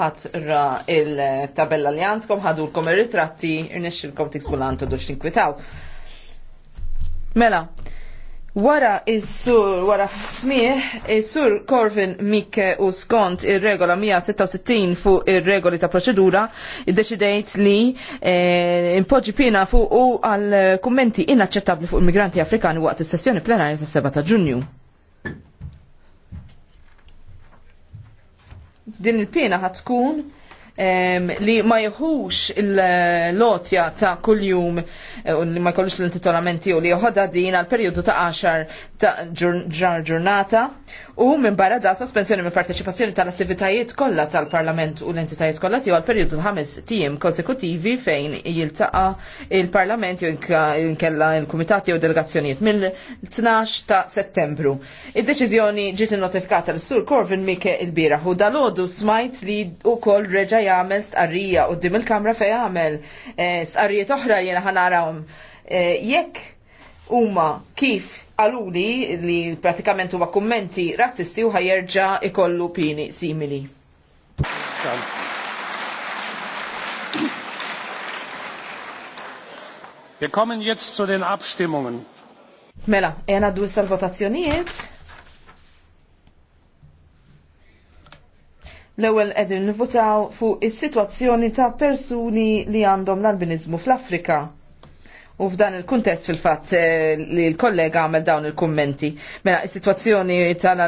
ħat ra il-tabella li għandkom, ħadulkom il-ritratti, irnexxilkom tiksbu l-għantu dux tinkwitaw. Mela, wara il-sur, wara smieħ, il-sur Corvin Mikke u skont il-regola 166 fuq il-regoli ta' proċedura, id-deċidejt li eh, impoġi pina fuq u għal-kommenti inaċċettabli fuq il-migranti afrikani waqt il-sessjoni plenarja sa' 7 ta' ġunju. din il-pena ħat tkun li ma jħux il-lotja ta' kull-jum eh, li ma jkollux l-intitolamenti u li joħodha din għal periodu ta' 10 ta' ġurnata u minn barra da sospensjoni minn parteċipazzjoni tal-attivitajiet kollha tal-Parlament u l-entitajiet kollha tiegħu għal perjodu ħames tiem konsekutivi fejn jiltaqa' il-Parlament jew inkella il-Kumitat jew delegazzjonijiet mill-12 ta' Settembru. Id-deċiżjoni ġiet innotifikata l sur Corvin Mike il bira u dalodu smajt li wkoll reġa' jagħmel stqarrija qudiem il-Kamra fejn jagħmel eh, stqarrijiet oħra jiena ħanarahom. Eh, jekk huma kif għaluli li pratikament huwa kummenti razzisti u ħajerġa ikollu pini simili. Wir kommen jetzt zu den Abstimmungen. Mela, jena du sal-votazzjonijiet. l ewwel edin votaw fuq is-sitwazzjoni ta' persuni li għandhom l-albinizmu fl-Afrika u f'dan il-kuntest fil-fatt eh, li l-kollega għamel dawn il-kummenti. Mela, il-situazzjoni tal